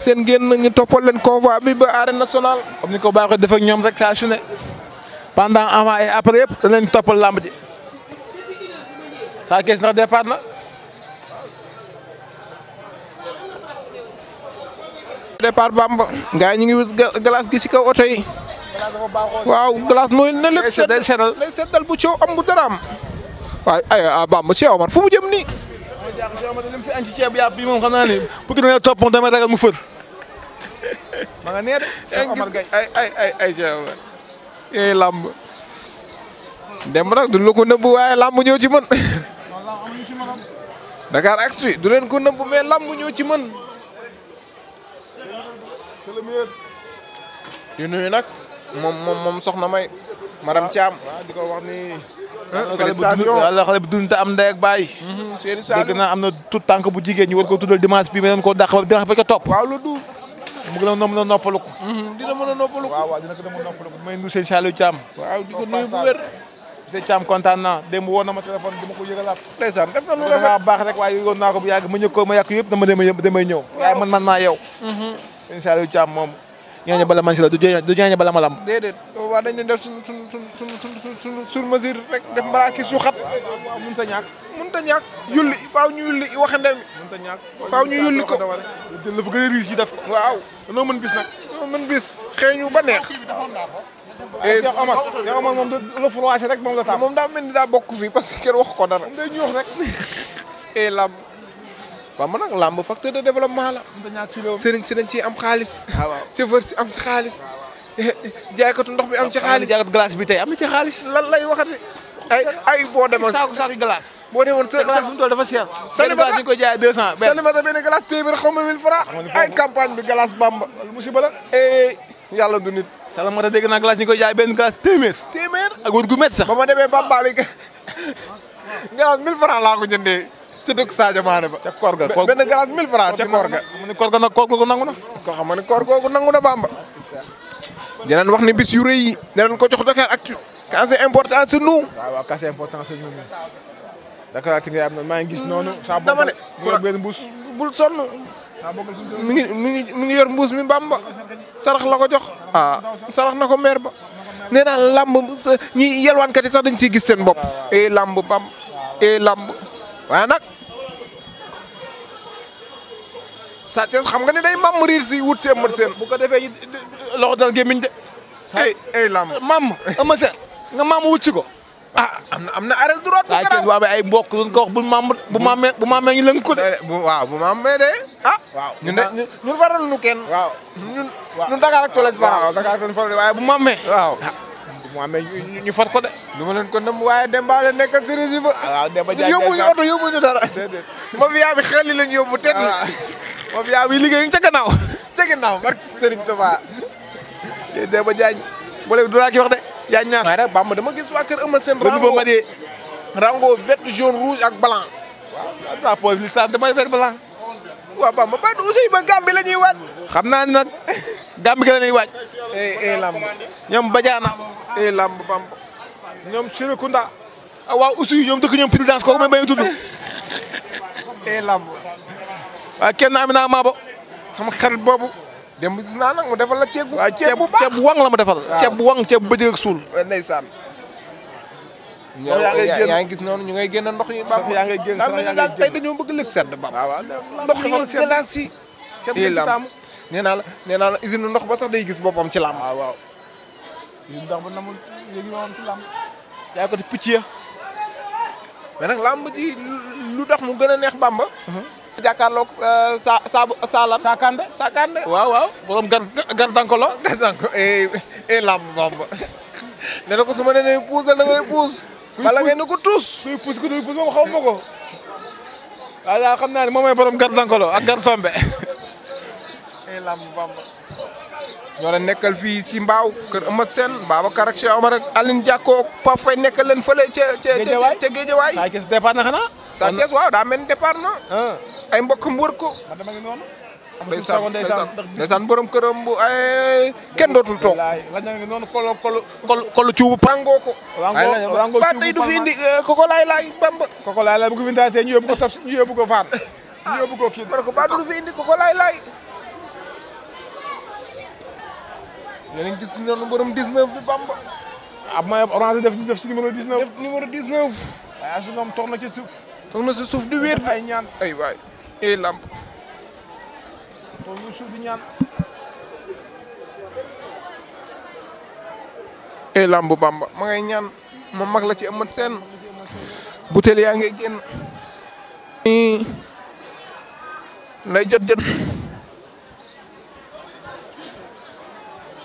seen genn ngi topol len convoi bi ba arène nationale. comme ni ko baaxee def ak ñom rek sa su pendant avant et après yëpp dañ leen toppal làmb ji sa kess na départ na. départ Bamba gars yi ngi wis glace gi ci kaw auto yi. waaw glace moy ne lepp sétal sétal bu ci am bu dara am. waaye ay ah, Bamba ci Omar fu mu jëm ni lim si añ ci ceeb yàpp bi moom xam naa ne bu ki da nga topp mu fër ma nga nee de nag du la ko nëbb waaye làmb ñëw ci mën Dakar Actu du leen ko nëbb mais làmb ñëw ci mën yu nuyu nag moom moom moom soxna may madame Thiam di ko wax ni yàlla xale bu dund te am ndey ak baay. Sëriñ mhm, Saliou dégg naa am na tout tànk bu jigéen ñi war ko tuddal dimanche bi ma doon koo dàq ba dimanche ba ca topp. waaw lu duuf. Mhm, a mën a noppalu ko. dina mën a noppalu ko. waaw waaw dina ko mën a waaw di ko nuyu bu wér. Sëriñ Thiam kontaan naa démb woo na ma téléphone dama ko yëgalaat. ndeysaan def na lu rafet dama baax rek waaye yëgoon ko bu yàgg ma ñëkk ko ma yàq ñëw. waaye man man naa yow. Mhm. Sëriñ Saliou Thiam moom ñooñu bala si la du ñooñu bala ma lam déedéet waaw dañ doon def suñ suñ suñ sur mesure rek def mbaraakis yu xat. waaw mënut a ñàkk. mënut a yulli faaw ñu yulli waxande mi. mënut a faaw ñu yulli ko. jël la fa gën a riis yi def ko. waaw noo mën bis nag. noo mën bis xeeñu ba neex. et eh, Cheikh Omar Cheikh Omar moom la froissé rek la moom daa mel daa bokk fii parce que wax ko dara. moom day eh, lam waaw man nag faktor facteur de développement la. sering si ci am khalis. Ah, ci for si am si xaalis. jaaykatu ndox bi am ci xaalis ko glace bi tay am na ci khalis. lan lay waxati ay ay Saya demoon saako saako glace. Bo demoon sa glace dum toll dafa cher. benn ba ñu ko jaayee 200. benn Salimata benn glace téeméer xaw ma 1000 francs ay campagne bi glace bamba. musiba la eh, yalla du nit. Salimata deg na glace ni ko jaay ben glace temer. temer. ak wut gu met sax. Bama ma bamba li. glace 1000 francs la ko jëndee. ca dëkk Sadio Mané ba. ca koor ga koor benn glace 1000 francs ca koor ga. mu ne koor ga nangu na. ko xam ne koor nangu na Bamba. dinañ wax ni bis yu rëy yi. dinañ ko jox Dakar ak quand c'est important c'est nous. waaw waaw am maa ngi gis noonu. Mm, dama ne ku la benn mbuus. mi ngi mi ngi mi ngi yor mbuus mi Bamba. sarax la ko jox. a ah, sarax na ko meer ba. nee naa lamb ñi yelwaankat yi sax dañ ciy gis seen bopp. e lamb Bamba e lamb waaye nag. Sa Thiès xam nga ne day mam riir si wut si Eumeu Sène bu ko defee ñu loxo dal gémmiñ de. ay ay lamb mam Eumeu Sène nga mam wut si ko. ah am na am na arrêt droit bu garaaw waaw ko wax bu maam bu maamee bu maamee ñu lëng ko de. Eh, waaw bu maamee de ah. waaw ñun de ñun faral ñu kenn. waaw ñun. waaw ñun Dakar ak lañ faral. waaw Dakar ak lañ faral waaye bu maamee. waaw ah, bu maamee ñu ñu far ko de. ñu ma leen ko dem waaye Demba la nekk ak Serigne Sy ba. waaw ah, Demba jaay jaay yóbbuñu oto yóbbuñu dara. déedéet ma fi yaa xel li lañ yóbbu tet mom ya wi ligey ci gannaaw ci gannaaw bark Serigne Touba Demba Diagne bu léegi du la ki wax de Diagne ñaar way rek bam dama gis wa keur Eumeu sen rango rango vert jaune rouge ak blanc. waaw drapeau bi li sant mooy vert blanc. wa bam ba do sey ba gambi lañuy wacc xamna ni nak gambi lañuy wacc la ñuy waaj. eh eh Lamb ñoom Badiana. eh Lamb bam ñom sirikunda wa waa ñom dëkk ñom Pididance ko may bay tuddu tudd. Lamb waaye ah, kenn Amina sama xarit bu ceeb bu baax ceeb bu wang bu wang ceeb bu bëjëg ak suul. Eh, ndeysaan. ñoo yaa ngi gis noonu ñu ngay génn ndox yi. sax yaa ngay génn sax yaa ngay génn daal tey dañoo bëgg lépp sedd ba. waaw waaw gis boppam ci làmb. waaw waaw. usine ndox ba Ya yéen ñoo am ci ko di picc ya. mais nag làmb ji lu Bamba. Uh-huh. jàkkaarloog euh, sa sa Saalam. Sakande Sakande. waaw waaw borom gar gardanko la. gardanko eh eh làmb bamba nee na ko su ma nee ne puusal da ngay puus. wala ngay ne ko tuus. suy puus ku duy puus moom xaw ma xam naa ne moom mooy borom gardanko la ak gartombe eh làmb bamba ñoo leen nekkal fii si Mbaaw kër Amath sen Babacar ak Cheikh Omar ak Aline Diakko Pape Faye nekkal leen fële ca ca ca Sa Thiès départ na xanaa. Sa Thiès waaw daa mel ni départ na. Ah. ay mbokkam wër ko. borom këram bu kenn dootul toog. la ngi noonu kolo kolo kolo cuubu ko. rango du fi indi koko eh, laay laay bamba. koko laay laay bu ko fi indaatee ñu yóbbu ko tab ñu yóbbu ko faat. ñu yóbbu ko kii bi ah, ko du fi indi koko laay laay leneen gis noonu borom 19 bi Bamba. ab may orange def def ci numéro 19. def numéro 19. waaye asunam toog na ci suuf. toog na ci suuf di wér. ay ñaan ay waay ay lamb. toog ñaan. ay lamb Bamba ma ngay ñaan ma mag la ci amat seen. butéel yaa ngay génn. nii lay jot jot.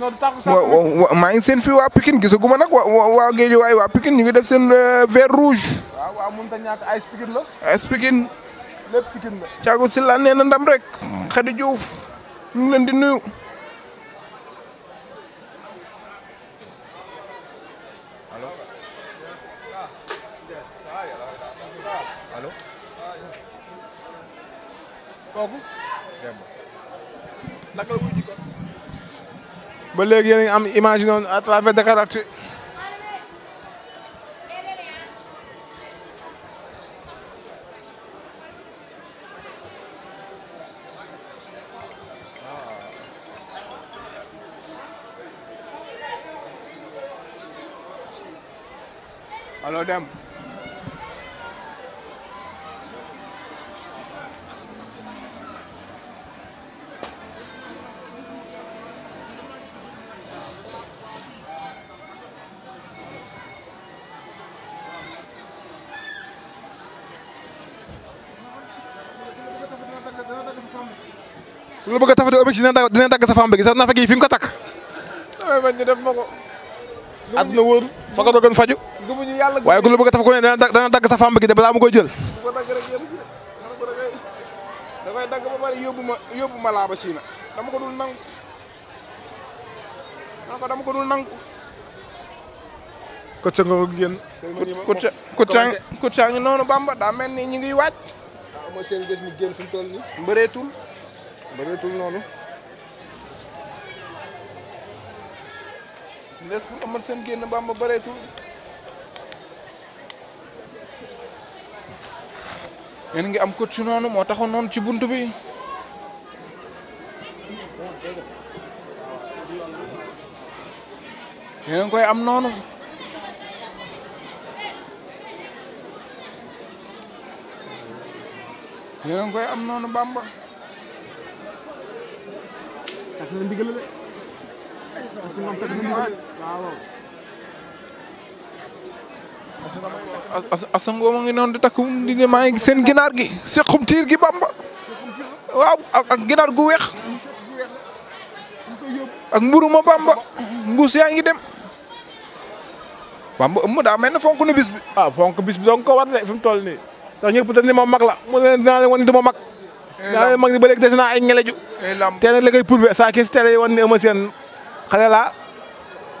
wa maa ngi seen fii waa Pikine ma nag waa waa Géejawaay waa Pikine ñu ngi def seen euh, vert rouge. waaw waaw la. ay Pikine. lépp Pikine ndam rek. Khady Diouf ñu ngi leen di nuyu. kooku. ba léegi yéen am image yi noonu à travers Dakaractu alors dem lu bëgg a tafate Omix dinañ tàgg sa femme bi sax na fa gi fi nga ko takk. waaye man ñu nga doon yàlla waaye ku lu bëgg a taf ku ne dana tàgg sa femme gi de balaa dagg ba ma yóbbu ma laa ba dama ko dul nangu dama ko dul nangu. Kouthia nga ko génn. Kouthia Kouthia ngi noonu Bamba daa mel ni ñu ngi waaj. waaw mooy seen bëreetul noonu lees pour amat seen génn Bamba bëreetul yéen ngi am coach noonu moo taxoon noonu ci bunt bi yéen koy am noonu yéen koy am noonu Bamba na ndigal la parce que dingin tëgg na ndigal waaw asango ma ngi noonu di takku di nga maa ngi seen ginaar gi gi bamba bamba dem bamba ëmm dah main ne fonk bis bi. waaw bis bi kawat ko war de fi mu toll nii. tax la mu ne dinaa wan daa mag ni ba léegi des na ay ngelaju te nag la koy prouvé saa kis télé yi wan ne ama seen xale laa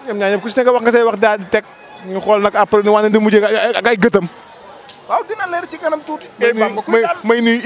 ñoom ñaar ñëpp ku si nekk wax nga say wax daal di teg ñu xool nag après ni wane di mujjee ak ay gëtam waaw dina leer ci kanam tuuti may nii